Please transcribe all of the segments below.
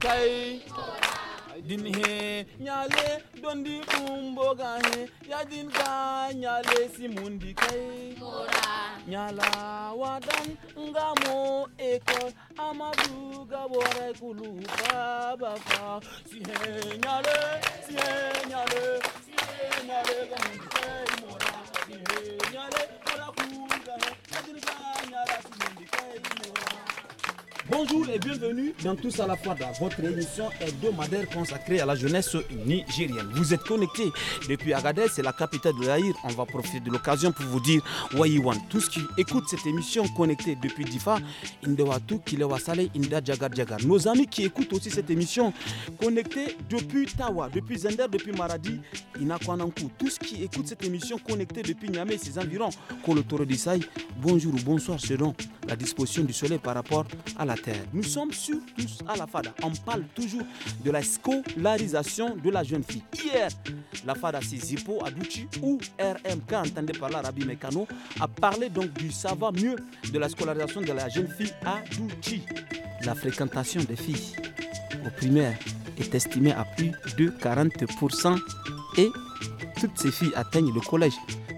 kai din he nyale dondi kumboga he ya din ga nyale simundi kai nyala wadan ngamo ekol amadu bore kulu baba fa si he nyale si he nyale si he nyale gamundi kai mora si he nyale mora kuga he ya din ga nyala simundi kai mora Bonjour et bienvenue dans Tous à la Fada, votre émission hebdomadaire consacrée à la jeunesse nigérienne. Vous êtes connectés depuis Agadez, c'est la capitale de l'Aïr. On va profiter de l'occasion pour vous dire Wayiwan. Tous qui écoutent cette émission connectée depuis Difa, Indewatu, Saleh Inda Jagar Jagar. Nos amis qui écoutent aussi cette émission connectée depuis Tawa, depuis Zender, depuis Maradi, Inakwanankou. Tous qui écoutent cette émission connectée depuis Niamey et ses environs, Kolotoro Dissai. Bonjour ou bonsoir selon la disposition du soleil par rapport à la nous sommes sur tous à la FADA. On parle toujours de la scolarisation de la jeune fille. Hier, la FADA Sizipo Adouchi ou RMK, entendez par l'arabie Rabbi Mekano, a parlé donc du savoir mieux de la scolarisation de la jeune fille Adouchi. La fréquentation des filles aux primaire est estimée à plus de 40% et toutes ces filles atteignent le collège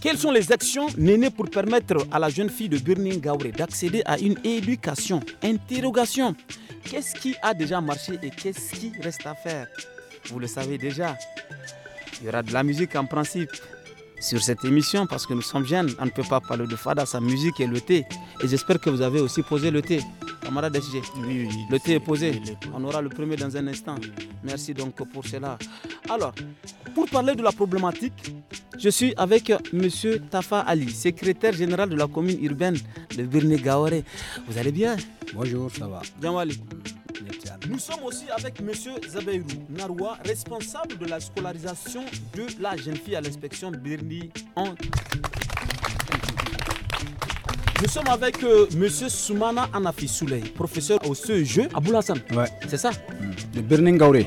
Quelles sont les actions menées pour permettre à la jeune fille de Burning Gauré d'accéder à une éducation Interrogation. Qu'est-ce qui a déjà marché et qu'est-ce qui reste à faire Vous le savez déjà. Il y aura de la musique en principe sur cette émission parce que nous sommes jeunes. On ne peut pas parler de Fada, sa musique et le thé. Et j'espère que vous avez aussi posé le thé, camarade SG. Oui, oui. Le thé est posé. On aura le premier dans un instant. Merci donc pour cela. Alors, pour parler de la problématique, je suis avec M. Tafa Ali, secrétaire général de la commune urbaine de Birne-Gaoré. Vous allez bien Bonjour, ça va. Bien, nous sommes aussi avec M. Zabeirou Naroua, responsable de la scolarisation de la jeune fille à l'inspection Birni nous sommes avec M. Euh, Monsieur Soumana Anafi Souley, professeur au CEJ à Boulassane. Ouais. C'est ça mm. De Birning Gauré.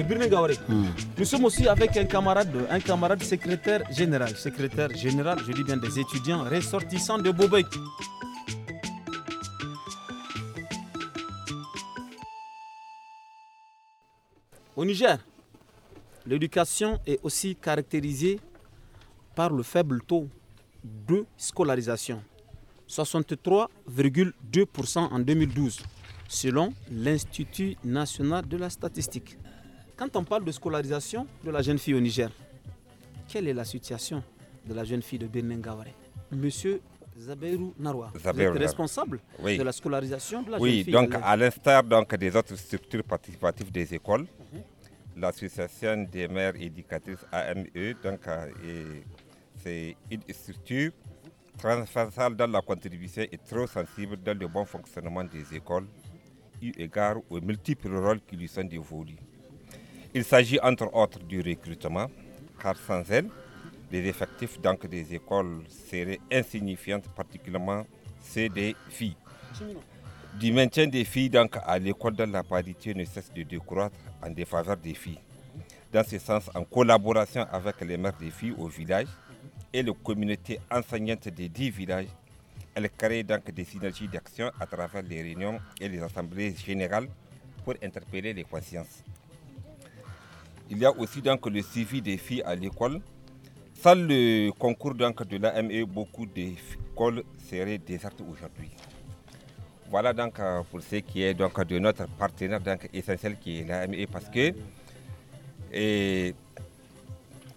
Mm. Nous sommes aussi avec un camarade, un camarade secrétaire général. Secrétaire général, je dis bien des étudiants ressortissants de Bobek. Au Niger, l'éducation est aussi caractérisée par le faible taux de scolarisation, 63,2% en 2012, selon l'Institut national de la statistique. Quand on parle de scolarisation de la jeune fille au Niger, quelle est la situation de la jeune fille de Bénin Zabérou Narwa. responsable de la scolarisation de la oui, Oui, donc à l'instar donc, des autres structures participatives des écoles, mhm. l'association des mères éducatrices AME, donc, euh, c'est une structure transversale dans la contribution et trop sensible dans le bon fonctionnement des écoles, eu égard aux multiples rôles qui lui sont dévolus. Il s'agit entre autres du recrutement, car sans elle, les effectifs donc des écoles seraient insignifiants, particulièrement ceux des filles. Du maintien des filles donc à l'école dans la parité ne cesse de décroître en défaveur des filles. Dans ce sens, en collaboration avec les mères des filles au village et les communautés enseignantes des dix villages, elle crée donc des synergies d'action à travers les réunions et les assemblées générales pour interpeller les consciences. Il y a aussi donc le suivi des filles à l'école sans le concours donc de l'AME, beaucoup d'écoles seraient désertes aujourd'hui. Voilà donc euh, pour ce qui est donc de notre partenaire donc essentiel qui est l'AME parce que et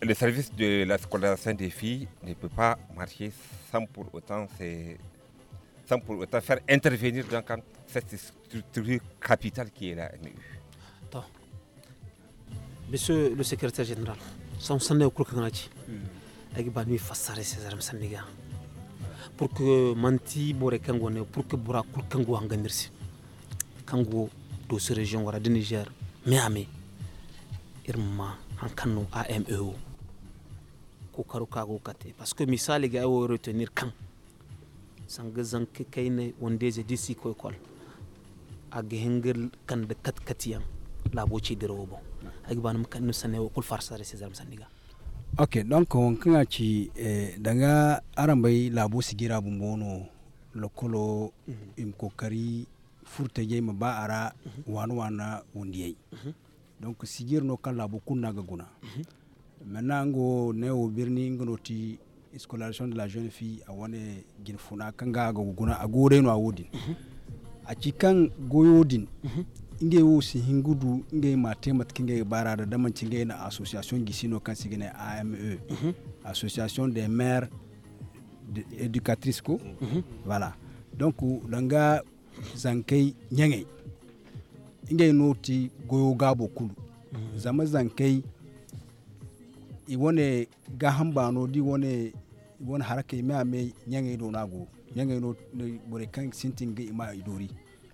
le service de la scolarisation des filles ne peut pas marcher sans pour autant, faire intervenir cette structure capitale qui est la e. Monsieur le secrétaire général, son sanne ko kan ci hmm. agi banu fassare sesaram sanniga pour que manti bore kango ne pour que bura kul kango anganirsi kango do ce région wara de Niger Miami irma hankano AMEO eu karu kago kate parce que misali ga yo retenir kan sanga zanke kayne wonde je disi ko école agi hengel kan de kat la labo ci dirobo agibana mkanu sane kul farsare sizaram sandiga ok donc wonkanga ci eh, danga arambai labo sigira bumbono lokolo mm -hmm. im kokari furta jey ma ba ara mm -hmm. wanu wana wundiyai mm -hmm. donc sigir no kan labo kunna ga guna maintenant mhm. ngo ne o birni ngono ti scolarisation de la jeune fille a wane gin funa kanga ga ga guna a gore no a wodin mm -hmm. a cikan goyodin mm -hmm. inge wo si hingudu inge ma temat kinge bara da daman cinge na association gisino kan sigine AME mhm. association des maires éducatrices ko mhm. voilà donc danga zankai nyange inge noti goyo gabo kulu mhm. zama zankai i wone gahan bano di wone wone harake me ame nyange do nago nyange no bore kan sintinge ma idori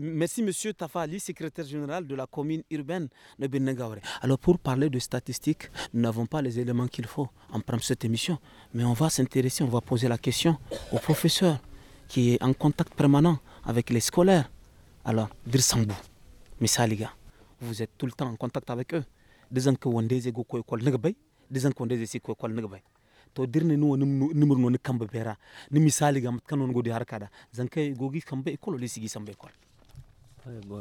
Merci, monsieur Tafali, secrétaire général de la commune urbaine de Birnengaure. Alors, pour parler de statistiques, nous n'avons pas les éléments qu'il faut en prendre cette émission, mais on va s'intéresser, on va poser la question au professeur qui est en contact permanent avec les scolaires. Alors, Dirsambou, Missaliga, vous êtes tout le temps en contact avec eux. Des ans que vous des go école n'gbay, des ans vous des ko école To dirne no numur no kamba bera, ni misaliga kanon go harkada, zankay gogi kamba école le sambe école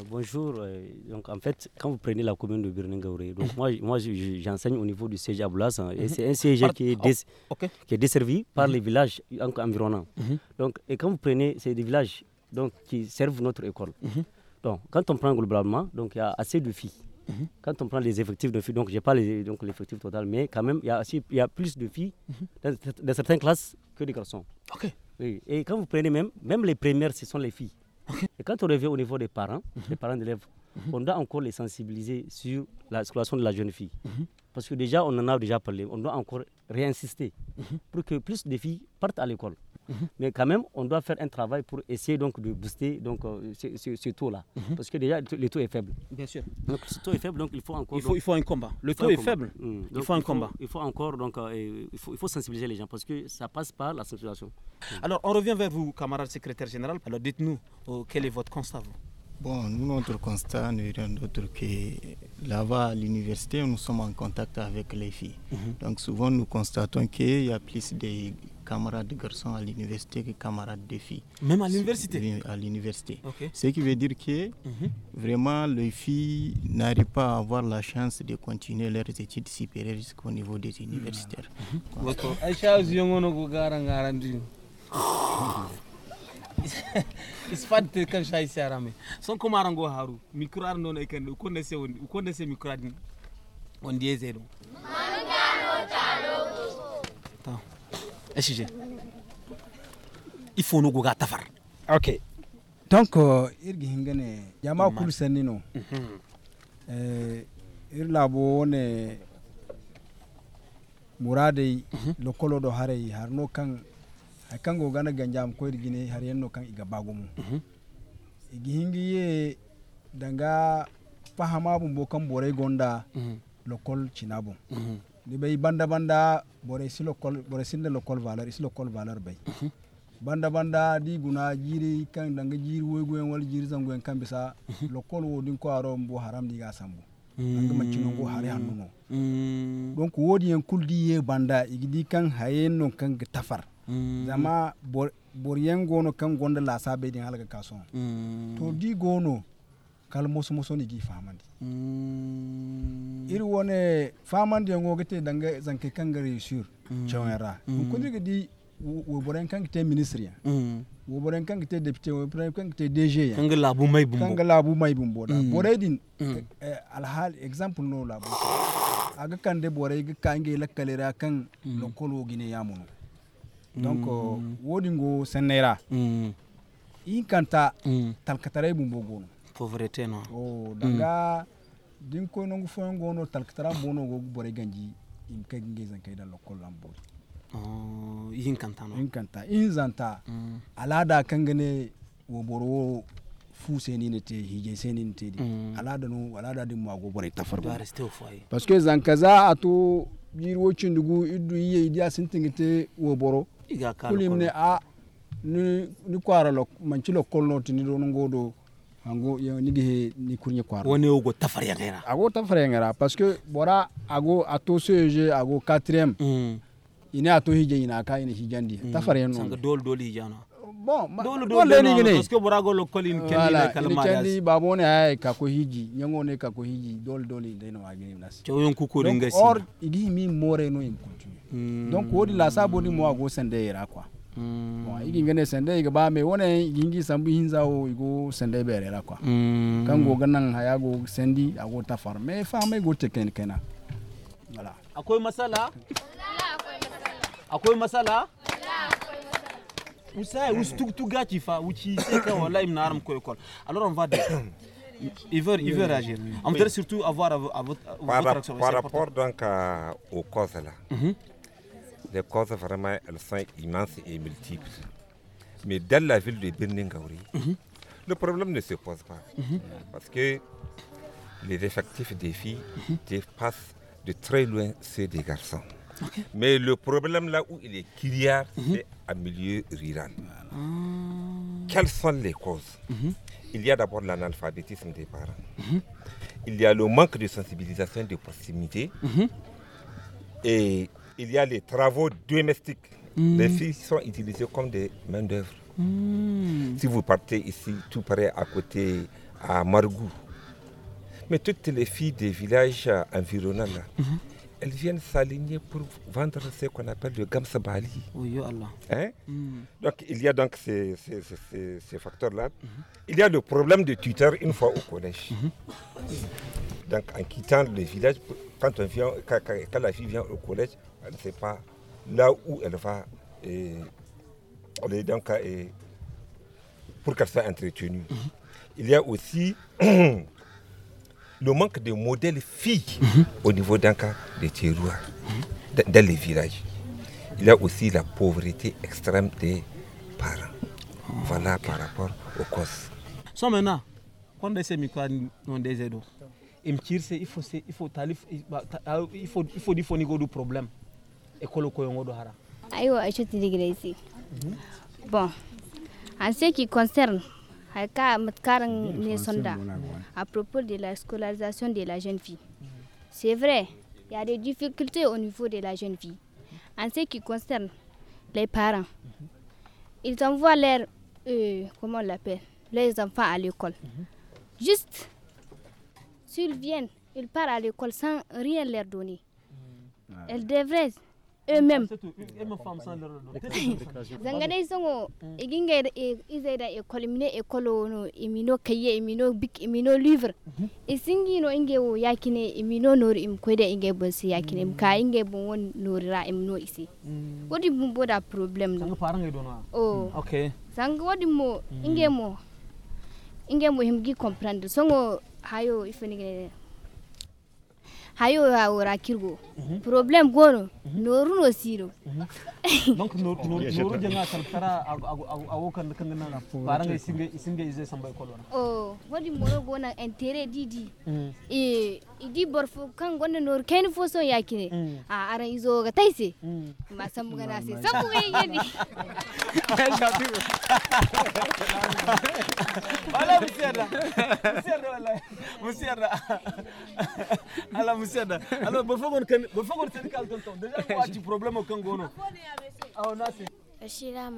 bonjour. Euh, donc, en fait, quand vous prenez la commune de Birnengauré donc mhm. moi, moi j'enseigne au niveau du CG Aboulas, hein, et mhm. c'est un CG qui est, oh, qui est desservi par mhm. les villages environnants. Donc, et quand vous prenez, c'est des villages donc, qui servent notre école. Donc, quand on prend globalement, donc il y a assez de filles. Quand on prend les effectifs de filles, donc je n'ai pas donc, l'effectif total, mais quand même, il y a, il y a plus de filles dans, certaines classes que des garçons. Et quand vous prenez même, même les premières, ce sont les filles. Et quand on revient au niveau des parents, des mhm. parents d'élèves, mhm. on doit encore les sensibiliser sur la de la jeune fille. Mhm. Parce que déjà, on en a déjà parlé. On doit encore réinsister pour que plus de filles partent à l'école. Mhm. mais quand même, on doit faire un travail pour essayer donc de booster donc, euh, ce, taux-là. Mhm. Parce que déjà, le taux est faible. Bien sûr. Donc, ce taux est faible, donc il faut encore. Il faut, un combat. Le taux est faible. il faut un mhm. combat. il faut encore, donc, euh, il, faut, sensibiliser les gens parce que ça passe par la sensibilisation. Alors, on revient vers vous, camarade secrétaire général. Alors, dites-nous, euh, quel est votre constat, vous Bon, nous, notre constat n'est rien d'autre que là-bas à l'université, nous sommes en contact avec les filles. Donc souvent, nous constatons qu'il y a plus de camarades garçons à l'université que camarades de filles. Même à l'université À l'université. Ce qui veut dire que mhm. vraiment les filles n'arrivent pas à avoir la chance de continuer leurs études supérieures jusqu'au niveau des mhm. universitaires. son ko haru SG. Il faut nous faire. Ok. Donc, euh, irgi hingane jama kulu sanino. Mm-hmm. Eh irla bone murade mm-hmm. lokolo do hare harno kan hakango gana ganjam ko irgine haryenno kan iga bagumu. Mm-hmm. Igi hingi eh, ye danga fahama bumbo kan borai gonda lokol cinabu. ni bay banda banda bore si lokol bore sinde lokol valeur isi lokol valeur bay uhuh. banda banda di guna jiri kan danga jiri gwen wal jiri gwen kan bisa uhuh. lokol wo din ko aro mbo haram ni ga sambu mm. anga manci no go hare hannu no mm. donc di en kuldi ye banda igidi kan hayen non kan tafar mm. zama bor yengo kan gonda la sabe din halga kason to di gono kala moso moso ni gi famandi mm. iri wone famandi yango gete danga zanke kanga reusur mm. chawera mm. kundi di wo boren kanga te ministre ya mm. wo boren kanga te député wo boren kanga te DG ya kanga labu mai bumbo kanga labu mai bumbo da mm. borai din mm. eh, eh alhal example no labu aga kande borai ga kange lakalera kan mm. lokol mm. euh, wo gine yamuno donc mm. wodingo senera mm. in kanta mm. talkatare bumbo gono pauvre teno o oh, danga din ko no ngufo ngo no talkitara bono go bore ganji im ka ngi zan kai da lokol lambo oh yin kanta no yin kanta in zanta mm. alada kan wo boro fu seni ne te hije seni ne te mm. alada no alada din ma go bore tafar ba parce que zan kaza ato yirwo cindugu idu iye idia sintingite wo boro kulim ne a ni ni kwara lok manchi lo kolno tini do ngo hango nigihe nikunye kwara wone ugo tafariya ngera ago tafariya parce que bora ago atoseje ago 4e mm. ina ato hije ina ka ina hijandi mm. tafariya no sanga dol dol hijana bon dol dol ni gine parce que bora go lo kolin kendi le kalma ya kendi babone ay ka ko hiji nyango ne ka ko hiji dol dol ina no agine nas to yon ku ko ringa si or idi mi more no im continue mm. donc wodi la saboni mo ago sende quoi Mm. Bon, igin sende iga ba me wone gingi sambu hinza o igo sende bere la kwa. Mm. Kan go ganan haya go sendi a go ta far me fa me go teken kena. Wala. Akwai masala? Akwai masala? Usaye ustukutu gachi fa uchi seka wala im naram ko ekol. Alors on va dire il veut, il veut réagir. On veut surtout avoir à, votre, par, rapport donc au cause là. Mm -hmm. les causes vraiment, elles sont immenses et multiples. Mais dans la ville de benin mhm. le problème ne se pose pas. Mhm. Parce que les effectifs des filles mhm. dépassent de très loin ceux des garçons. Mais le problème là où il est criard, c'est en milieu rural. Ah. Quelles sont les causes Il y a d'abord l'analphabétisme des parents. Il y a le manque de sensibilisation de proximité. Et il y a les travaux domestiques. Mm. Les filles sont utilisées comme des mains dœuvre mm. Si vous partez ici, tout près à côté, à Margou, mais toutes les filles des villages environnants, mhm. elles viennent s'aligner pour vendre ce qu'on appelle le gamsabali. Hein? Mm. Donc, il y a donc ces, facteurs-là. Mhm. Il y a le problème de tuteur une fois au collège. Mhm. Donc, en quittant le village, quand, quand la fille vient au collège, elle ne sait pas là où elle va. on est donc euh, pour qu'elle soit entretenue. Mhm. Il y a aussi le manque de modèles filles mhm. au niveau d'un cas de Tiroua, dans les villages. Il y a aussi la pauvreté extrême des parents. Ah, voilà par rapport aux causes. So maintenant, quand on semis quoi non des il faut il faut il faut il faut du problème école que mhm. bon en ce qui concerne euh, à propos de la scolarisation de la jeune fille. C'est vrai, il y a des difficultés au niveau de la jeune fille. En ce qui concerne les parents, mhm. ils envoient leurs, euh, comment on l'appelle, leurs enfants à l'école. Mhm. Juste, s'ils viennent, ils partent à l'école sans rien leur donner. Elles devraient eux-mêmes. zanganai songo iginga izaida e kolimine e kolono imino kaye imino bik imino livre hmm. isingi no inge wo yakine imino nor im koida inge bonsi yakine ka hmm. inge bon won norira imno isi hmm. wodi bum boda problem no paranga dona oh okay zang wodi mo inge mo inge mo himgi comprendre songo hayo ifenige hayo hawora kirgo mhm. problem gono mhm. noru no siro donc noru noru jenga tartara awo kan kan na baranga isinge isinge ize sambai kolona oh wadi moro gona entere didi mm. eh idi borfo kan gonda nor ken fo so yakine mm. a ara izo ga taise mm. ma sambu ga nasi sambu ga yeni wala musiyada musiyada wala musiyada ala musiyada alors borfo gon ken borfo gon sen kal ton ton déjà moi un problème au kan gono Rachida, nasi ashira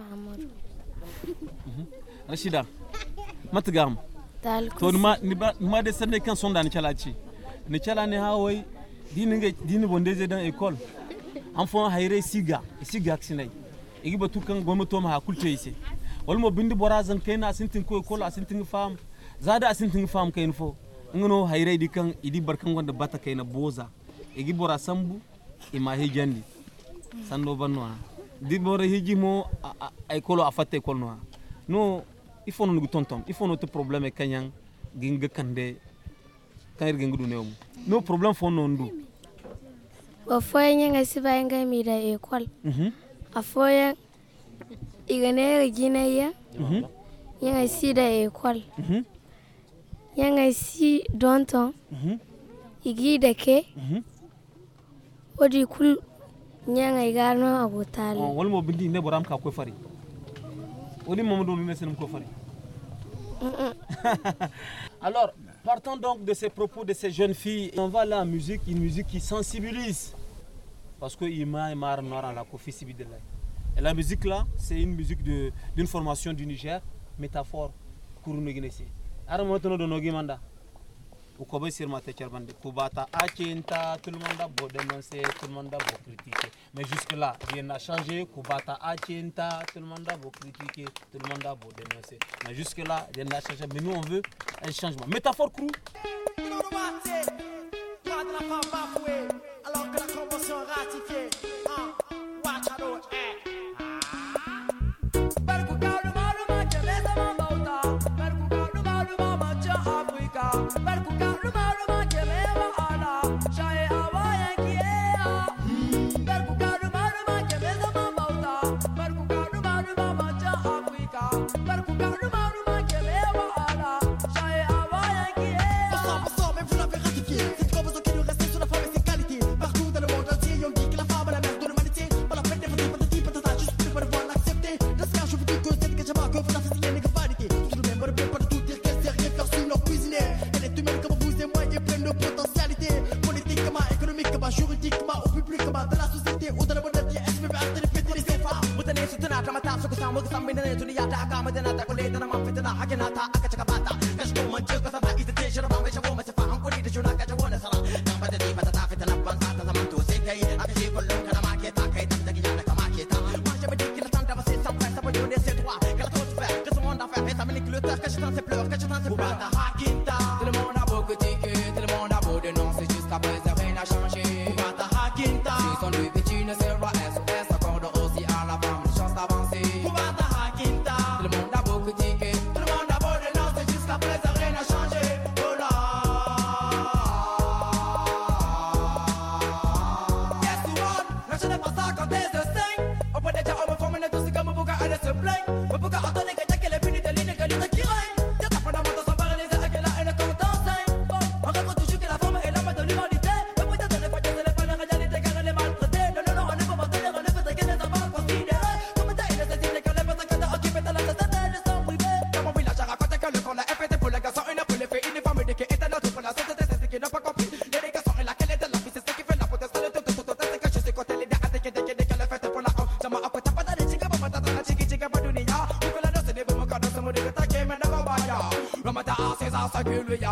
ashida matgam tal ko ma ni ma ne chala ne hawai dini nge dini bondeze dan école fon hayre siga siga sinai igi batu kan goma to ma kulce ise wal mo bindi borazan kaina asintin ko école asintin fam zada asintin fam kain fo ngono hayre di kan idi barkan wanda bata na boza igi bora sambu ima hejandi banno ha di bora hiji mo kolo afate école no no ifono no ngi tontom, ifono no te probleme kanyang ginga kande kan irgen gudu ne mu no problem fo non du wa fo yenga siba yenga mi da ekol mhm. a fo yen igane gina ya mhm. yenga si da ekol mhm. yenga si donton igi da ke odi kul nyanga igano abutali oh, wal mo bindi ne boram ka ko fari woni mamadou ne sen ko fari alors Partons donc de ces propos de ces jeunes filles, on va là la musique, une musique qui sensibilise. Parce que Et la musique là, c'est une musique d'une formation du Niger, métaphore, Kourounou Guinée ku ko bai sirma ta kyarban ku tout le monde a beau dénoncer tout le monde a beau critiquer mais jusque là rien n'a changé Koubata Akinta, tout le monde a beau critiquer tout le monde a beau dénoncer mais jusque là rien n'a changé mais nous on veut un changement métaphore crew alors que la convention ratifiée en Ouattara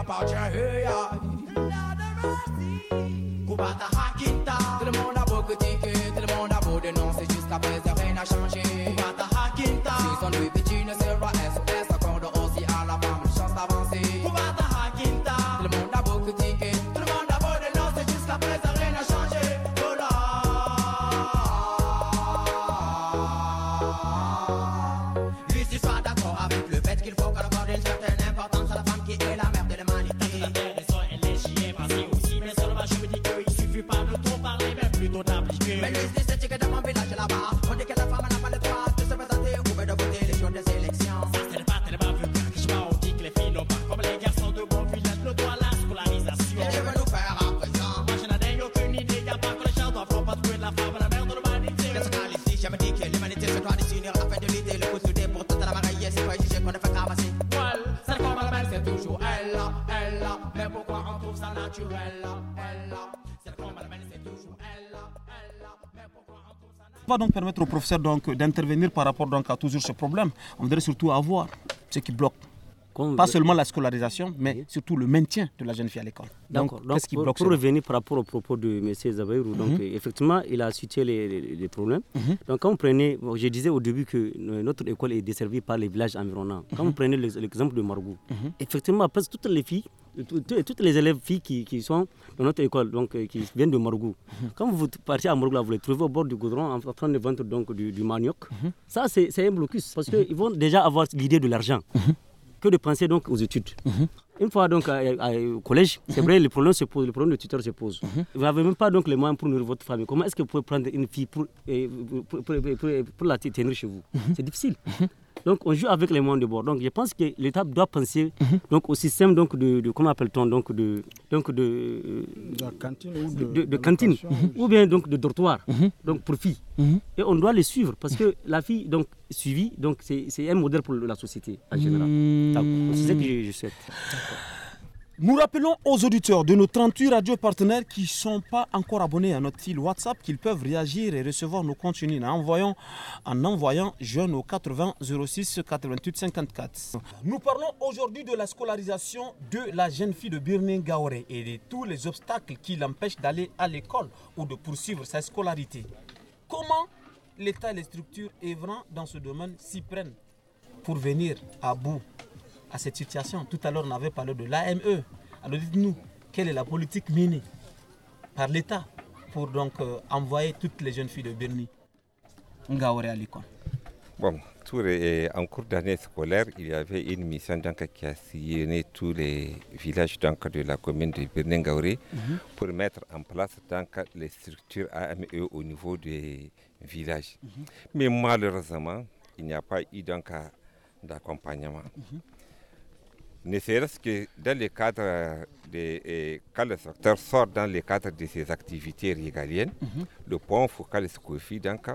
保洁员。donc permettre au professeurs donc d'intervenir par rapport donc à toujours ce problème On voudrait surtout avoir ce qui bloque pas seulement la scolarisation, mais surtout le maintien de la jeune fille à l'école. Donc, Donc, ce qui bloque pour, revenir par rapport au propos de M. Zabayrou, donc mhm. effectivement, il a cité les, les, problèmes. Mhm. Donc, quand vous prenez, je disais au début que notre école est desservie par les villages environnants. Quand vous prenez l'exemple de Margot, mhm. effectivement, presque toutes les filles, toutes, les élèves filles qui, sont dans notre école, donc euh, qui viennent de Margou. quand vous partez à là vous les trouvez au bord du goudron en train de vendre donc, du, manioc. Ça, c'est un blocus parce qu'ils vont déjà avoir l'idée de l'argent que de penser donc aux études. Mhm. Une fois donc au collège, c'est mhm. vrai, le problème se pose, le problème de tuteur se pose. Mhm. Vous n'avez même pas donc les moyens pour nourrir votre famille. Comment est-ce que vous pouvez prendre une fille pour, pour, pour la tenir chez vous C'est difficile. Donc on joue avec les moyens de bord. Donc je pense que l'État doit penser mhm. donc au système donc de, comment appelle-t-on donc de donc de, cantine mhm. ou bien donc de dortoir mhm. donc pour filles et on doit les suivre parce que la fille donc suivie donc c'est un modèle pour la société en général. Hmm. C'est ce que je, je souhaite. Nous rappelons aux auditeurs de nos 38 radios partenaires qui ne sont pas encore abonnés à notre fil WhatsApp qu'ils peuvent réagir et recevoir nos contenus en envoyant, en envoyant jeune au 80 06 88 54. Nous parlons aujourd'hui de la scolarisation de la jeune fille de Birnin Gaoré et de tous les obstacles qui l'empêchent d'aller à l'école ou de poursuivre sa scolarité. Comment l'État et les structures œuvrant dans ce domaine s'y prennent pour venir à bout à cette situation. Tout à l'heure, on avait parlé de l'AME. Alors dites-nous, quelle est la politique menée par l'État pour donc euh, envoyer toutes les jeunes filles de Bernie Ngaoré à l'école Bon, en cours d'année scolaire, il y avait une mission donc, qui a sillonné tous les villages donc, de la commune de Bernie mhm. pour mettre en place donc, les structures AME au niveau des villages. Mhm. Mais malheureusement, il n'y a pas eu d'accompagnement. Mhm ne serait-ce que dans le cadre des, quand le secteur sort dans le cadre de ses activités régaliennes, mhm. le pont focal se confie donc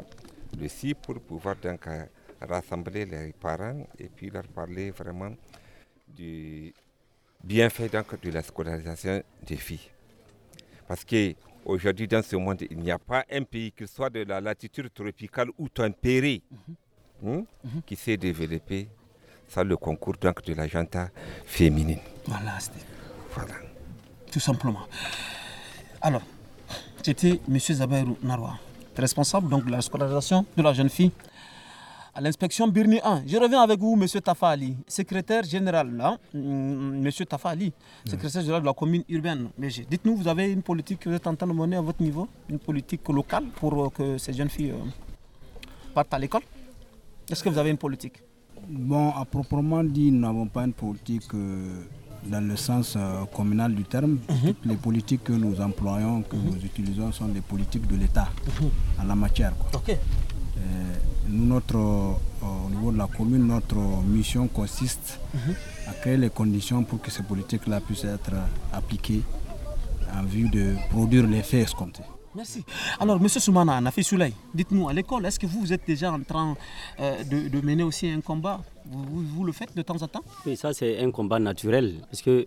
le pour pouvoir donc rassembler les parents et puis leur parler vraiment du bienfait donc de la scolarisation des filles. Parce que aujourd'hui dans ce monde, il n'y a pas un pays qu'il soit de la latitude tropicale ou tempérée mhm. Hein, mhm. qui s'est développé ça le concours donc, de la féminine. Voilà, voilà. Tout simplement. Alors, c'était M. Zaberou Narwa, responsable donc, de la scolarisation de la jeune fille à l'inspection Birni 1. Je reviens avec vous, M. Tafali, secrétaire général, M. Hmm, Tafali, secrétaire général de la commune urbaine. Dites-nous, vous avez une politique que vous êtes en train de mener à votre niveau, une politique locale pour euh, que ces jeunes filles euh, partent à l'école Est-ce que vous avez une politique Bon, à proprement dit, nous n'avons pas une politique euh, dans le sens euh, communal du terme. Mhm. Toutes les politiques que nous employons, que mhm. nous utilisons, sont des politiques de l'État mhm. en la matière. Euh, notre, au niveau de la commune, notre mission consiste à créer les conditions pour que ces politiques-là puissent être appliquées en vue de produire l'effet escompté. Merci. Alors, Monsieur Soumana, Nafi soleil. dites-nous, à l'école, est-ce que vous, êtes déjà en train euh, de, mener aussi un combat vous, le faites de temps en temps Oui, ça, c'est un combat naturel, parce que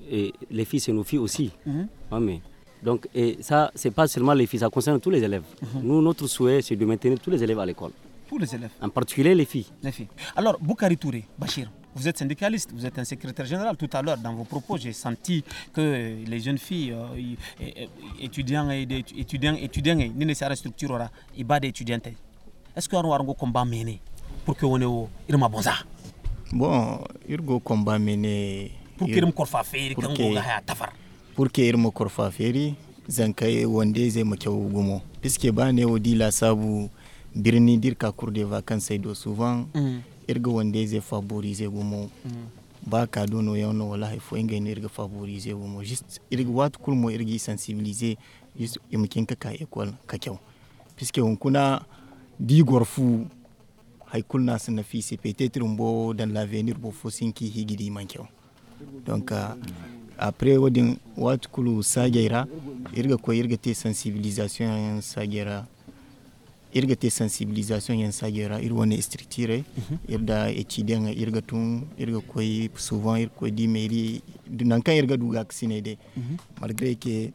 les filles, c'est nos filles aussi. Mhm. Ah, donc, et ça, c'est pas seulement les filles, ça concerne tous les élèves. Mhm. Nous, notre souhait, c'est de maintenir tous les élèves à l'école. Tous les élèves En particulier les filles. Les filles. Alors, Boukari Bachir, vous êtes syndicaliste, vous êtes un secrétaire général. Tout à l'heure, dans vos propos, j'ai senti que les jeunes filles, euh, étudiants et étudiants, étudiants, ni ne structure aura, et bas étudiants. Est-ce qu'on aura un combat mené pour que on ait au Irma Bonza? Bon, un combat mené. Pour que Irma Korfa Ferry, pour que Tafar. Pour que Irma Korfa Ferry, Zankaye Wande Zemakyo Parce Puisque bah, ne dit la sabu, Birni dire qu'à de vacances, c'est souvent. Mm irga wanda zai favorize gumo mm. ba ka dono yau na wala haifo inga yin irga favorize gumo just irga wata kulmo irga yi sensibilize just imakin ka ka ekwal ka kyau fiske di gorfu haikul na suna fi se peut-être beau dans l'avenir bo fosin ki higidi man kyau donc euh, après wadin wata kulu sagera irga ko irga te sensibilisation sagera irga te sensibilisation yan sa gera ir wani structure mhm. irda e ciden ga irga tun irga koy souvent ir koy di mairie dunan kan irga duga sine de mhm. malgré que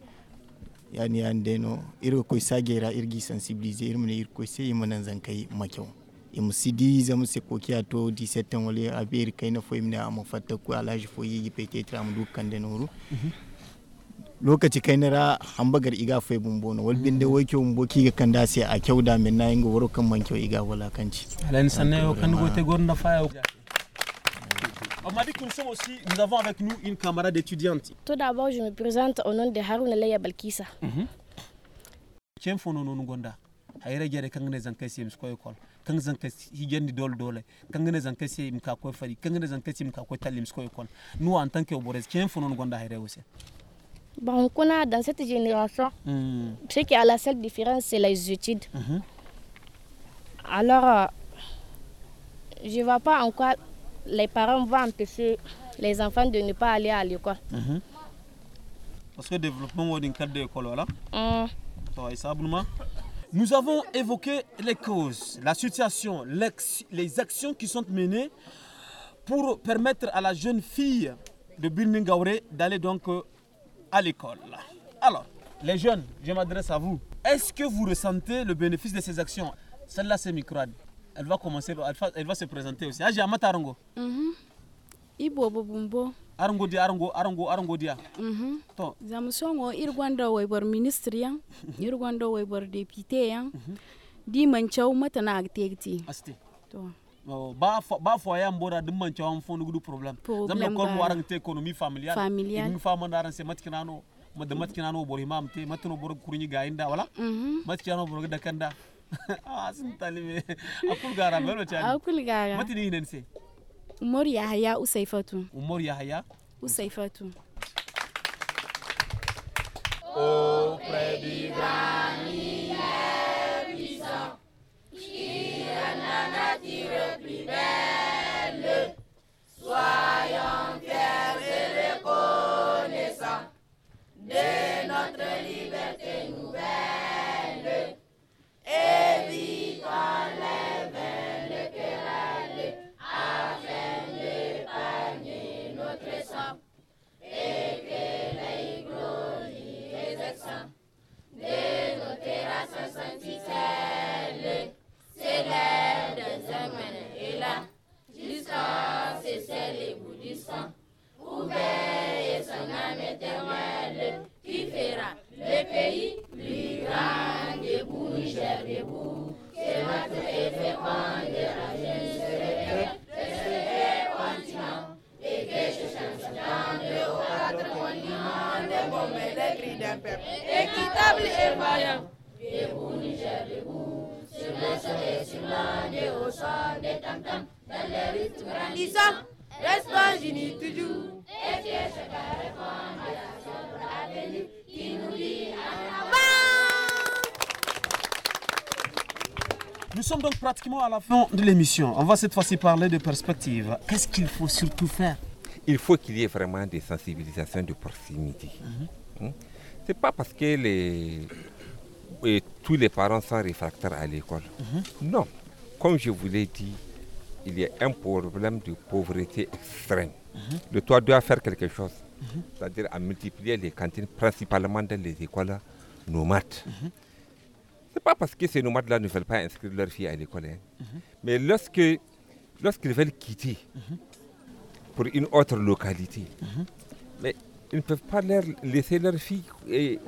yani yande no irga koy sa gera irgi sensibiliser ir mene ir koy sai manan zan kai makyau im sidi zam se ko kiya to 17 wale abir kai na foy mene am fatta ko alaji foyi peut-être am du kande noru mhm. lokaci kai nira hambagar iga fai bumbono wal da mm. woke umbo ki kan da sai a kyau da min nayin go woro kan kyau iga wala kanci alen sanne yo kan gote te gorna fa On m'a dit que nous sommes aussi, nous avons avec nous une camarade étudiante. Tout d'abord, je me présente au nom de Haruna Leia Balkisa. Ken mhm. fono non gonda. Hayra gere kan ne zan musu misko ekol. Kan zan kasi higendi dol dole. Kan ne zan kasi mka ko fari. Kan ne zan kasi mka ko talim misko ekol. Nous en tant que oborez, ken fono non gonda rai wose. dans cette génération, hmm. ce qui a la seule différence, c'est les études. Mhm. Alors, euh, je ne vois pas en quoi les parents vont empêcher les enfants de ne pas aller à l'école. Mhm. Parce que le développement est cadre de l'école, hmm. Nous avons évoqué les causes, la situation, les actions qui sont menées pour permettre à la jeune fille de Birmingham d'aller donc euh, à l'école. Alors, les jeunes, je m'adresse à vous. Est-ce que vous ressentez le bénéfice de ces actions Celle-là, c'est Microad. Elle va commencer, elle va, elle va se présenter aussi. Ah, j'ai Arango. Mhm. Ibo Bobumbo. Arango dia, Arango, Arango, Arongo dia. Mhm. To. Zamusongo, Irwanda Weber ministre yan, Irwanda mhm. Weber député yan. Di manchau matana agtegti. Asti. To. Oh, ba ba foyer ya mbora dimman chawan fondu gudu problem zamna kon warang te economy familial familial mi fama daran se matkinano madda matkinano bor imam te matno bor kurinyi gainda wala mhm. matkinano bor da kanda asin ah, talime akul gara melo chani akul gara matini hinen se umar yahya usaifatu umar yahya Usayfatu. auprès du grand Soyons fiers et reconnaissants de notre liberté nouvelle. Et à la fin de l'émission. On va cette fois-ci parler de perspective. Qu'est-ce qu'il faut surtout faire Il faut qu'il y ait vraiment des sensibilisations de proximité. Mhm. Hein? C'est Ce n'est pas parce que les... tous les parents sont réfractaires à l'école. Mhm. Non. Comme je vous l'ai dit, il y a un problème de pauvreté extrême. Mhm. Le toit doit faire quelque chose. C'est-à-dire à multiplier les cantines, principalement dans les écoles nomades. Ce n'est pas parce que ces nomades-là ne veulent pas inscrire leur fille à l'école. Hein. Mhm. Mais lorsque, lorsqu'ils veulent quitter mhm. pour une autre localité, mhm. mais ils ne peuvent pas laisser leur fille eh,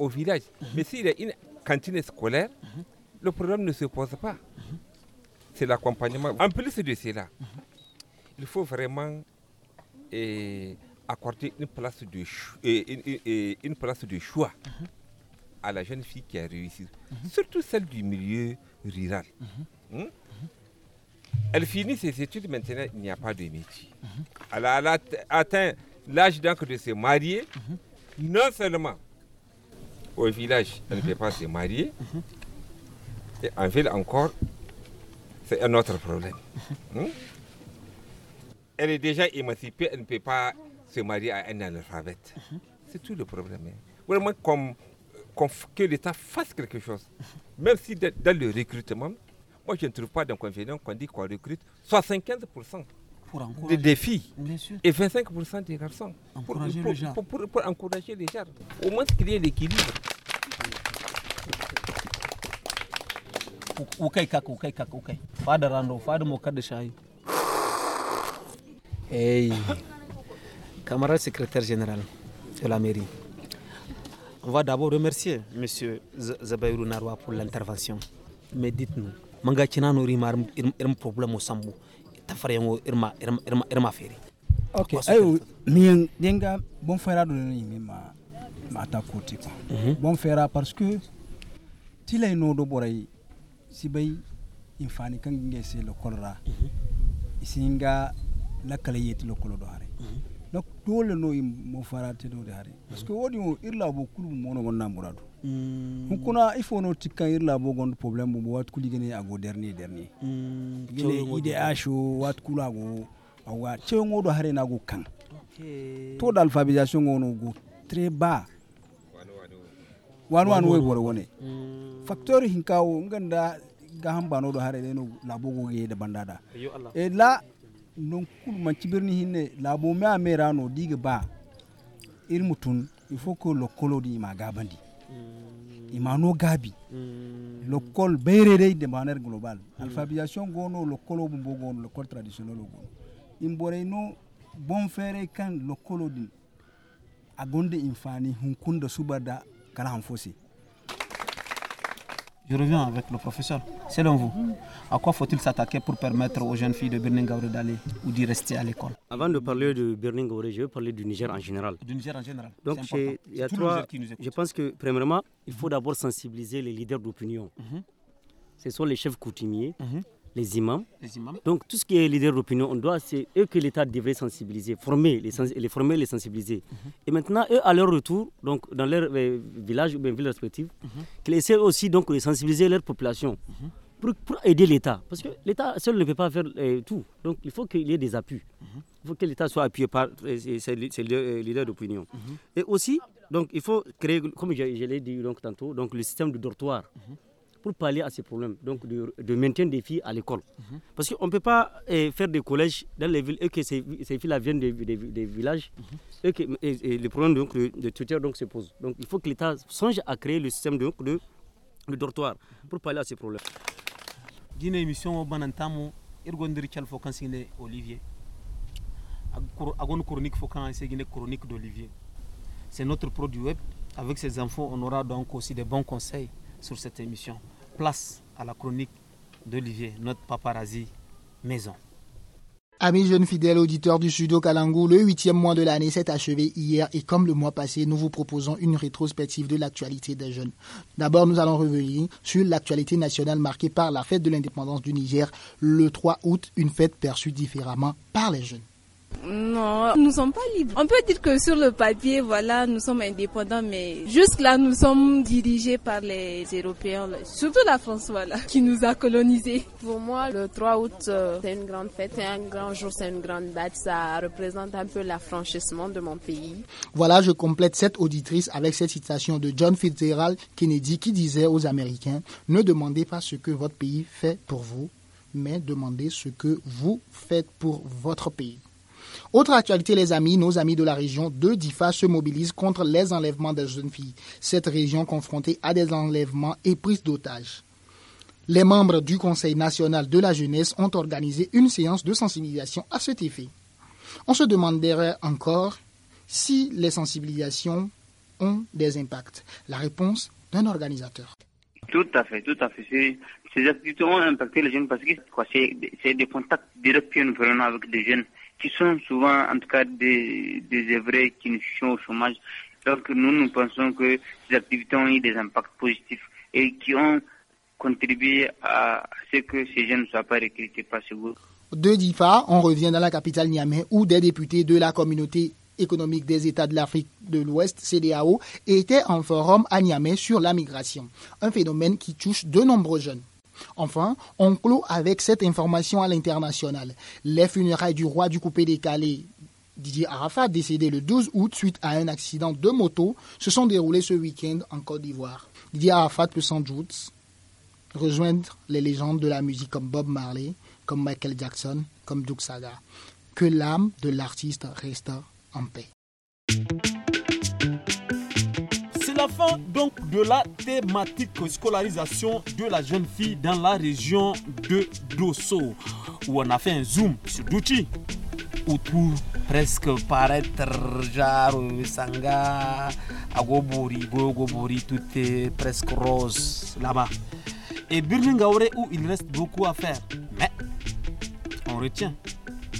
au, village. Mais s'il y a une cantine scolaire, le problème ne se pose pas. C'est l'accompagnement. En plus de cela, il faut vraiment eh, accorder une, place de eh, choix à la jeune fille qui a réussi, mhm. surtout celle du milieu rural. Mhm. Hmm? Elle finit ses études, maintenant il n'y a pas de métier. Mhm. Elle a, atteint l'âge donc de se marier. Non seulement au village, elle ne peut pas se marier, et en ville encore, c'est un autre problème. Hmm? Elle est déjà émancipée, elle ne peut pas se marier à un alphabète. C'est tout le problème. Hein. Vraiment, comme que l'État fasse quelque chose. Même si dans le recrutement, moi je ne trouve pas d'inconvénient qu'on dit qu'on recrute 75% des filles et 25% des garçons pour, encourager les gens. Au moins créer l'équilibre. Ok, ok, ok, ok, ok. rando fada mo de camarade secrétaire général de la mairie on va d'abord remercier Monsieur Zabayrou Narwa pour l'intervention. Mais dites-nous, manga china no rima irma problème sambu tafarengo irma irma irma irma ok ayo mien denga bon fera do ni ma matakuti. ta côté mhm. bon fera parce que tilay no do boray si bay infani kan ngese lo kolra mhm. isinga la kala yeti lo kolo donc dole no mo farate do de hari parce que wodi mo irla bo kulu mo no gonna muradu hun hmm. kuna il faut no tikkan irla bo gon problème bo wat kuli gene ago dernier dernier hmm. gene ide asho wat kula go awa chewo ngodo hari na go kan to d'alphabétisation ngono go très bas wanu wanu we bore woni hmm. facteur hinkawo nganda ga hambano do hari no labo go ge da bandada e la non kul ci birni hinne labo me a mera no diga ba ir mutun il faut que lokolo di ma gabandi ima no gabi mm. lokol berere de manière globale alphabétisation gono lokolo bumbo gono lokol traditionnel gono imbore no bon faire kan lokolo di agonde infani hunkunda subada kala hanfosi Je reviens avec le professeur. Selon vous, à quoi faut-il s'attaquer pour permettre aux jeunes filles de Birningauré d'aller ou d'y rester à l'école Avant de parler de Birningauré, je veux parler du Niger en général. Du Niger en général. Donc, il y a trois. Je pense que, premièrement, il faut d'abord sensibiliser les leaders d'opinion. Mhm. Ce sont les chefs coutumiers. Mhm. Les imams. Donc tout ce qui est leader d'opinion, on doit, c'est eux que l'État devrait sensibiliser, former, les, former, les sensibiliser. Mhm. Et maintenant, eux, à leur retour, donc dans leur euh, village ou bien ville respective, qu'ils essaient aussi donc de sensibiliser leur population pour, aider l'État. Parce que l'État seul ne peut pas faire euh, tout. Donc il faut qu'il y ait des appuis. Il faut que l'État soit appuyé par euh, ses euh, leaders d'opinion. Mhm. Et aussi, donc, il faut créer, comme je, l'ai dit donc, tantôt, donc, le système de dortoir pour parler à ces problèmes, donc de, maintien des filles à l'école. Mhm. Parce qu'on ne peut pas faire des collèges dans les villes et que ces, filles-là viennent des, villages mhm. et que et, le problème donc, de, de donc, se pose. Donc il faut que l'État songe à créer le système de, de dortoir pour parler à ces problèmes dina émission o banantamo irgondiri cal fo kan signe olivier agon chronique fo kan signe chronique d'olivier c'est notre produit web avec ses infos on aura donc aussi des bons conseils sur cette émission place à la chronique d'olivier notre paparazzi maison Amis jeunes fidèles auditeurs du studio Kalangu, le huitième mois de l'année s'est achevé hier et comme le mois passé, nous vous proposons une rétrospective de l'actualité des jeunes. D'abord, nous allons revenir sur l'actualité nationale marquée par la fête de l'indépendance du Niger le 3 août, une fête perçue différemment par les jeunes. Non, nous ne sommes pas libres. On peut dire que sur le papier, voilà, nous sommes indépendants, mais jusque-là, nous sommes dirigés par les Européens, surtout la France, voilà, qui nous a colonisés. Pour moi, le 3 août, euh, c'est une grande fête, c'est un grand jour, c'est une grande date. Ça représente un peu l'affranchissement de mon pays. Voilà, je complète cette auditrice avec cette citation de John Fitzgerald Kennedy qui disait aux Américains, ne demandez pas ce que votre pays fait pour vous, mais demandez ce que vous faites pour votre pays. Autre actualité, les amis, nos amis de la région de Difa se mobilisent contre les enlèvements des jeunes filles. Cette région confrontée à des enlèvements et prises d'otages. Les membres du Conseil national de la jeunesse ont organisé une séance de sensibilisation à cet effet. On se demanderait encore si les sensibilisations ont des impacts. La réponse d'un organisateur. Tout à fait, tout à fait. Ces, activités ont impacté les jeunes parce que c'est des contacts directs que nous prenons avec des jeunes qui sont souvent, en tout cas, des, des qui qui sont au chômage. que nous, nous pensons que ces activités ont eu des impacts positifs et qui ont contribué à ce que ces jeunes ne soient pas recrutés par ce groupe. De DIFA, on revient dans la capitale Niamey où des députés de la communauté économique des États de l'Afrique de l'Ouest, CDAO, étaient en forum à Niamey sur la migration, un phénomène qui touche de nombreux jeunes. Enfin, on clôt avec cette information à l'international. Les funérailles du roi du coupé décalé Didier Arafat, décédé le 12 août suite à un accident de moto, se sont déroulées ce week-end en Côte d'Ivoire. Didier Arafat peut sans doute rejoindre les légendes de la musique comme Bob Marley, comme Michael Jackson, comme Duke Saga. Que l'âme de l'artiste reste en paix. fin donc de la thématique scolarisation de la jeune fille dans la région de Dosso, où on a fait un zoom sur Douchi, où tout presque paraître genre Sanga, Agobori, Gogobori, tout est presque rose là-bas. Et Birningaure où il reste beaucoup à faire. Mais on retient,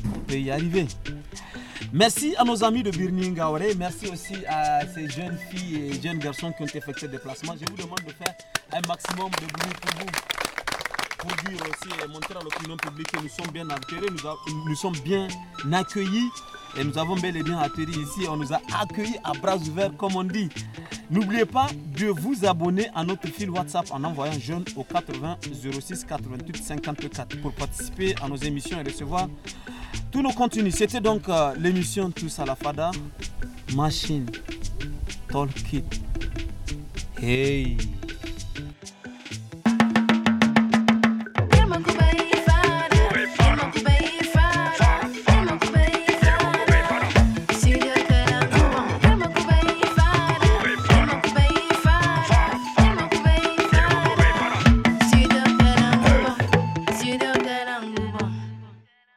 on peut y arriver. Merci à nos amis de Birning Merci aussi à ces jeunes filles et jeunes garçons qui ont effectué des déplacement. Je vous demande de faire un maximum de bruit pour vous. Pour dire aussi et montrer à l'opinion publique que nous sommes bien nous sommes bien accueillis et nous avons bel et bien atterri ici. On nous a accueillis à bras ouverts, comme on dit. N'oubliez pas de vous abonner à notre fil WhatsApp en envoyant jeune au 80 06 88 54 pour participer à nos émissions et recevoir tous nos contenus. C'était donc euh, l'émission Tous à la Fada. Machine. Talk it. Hey.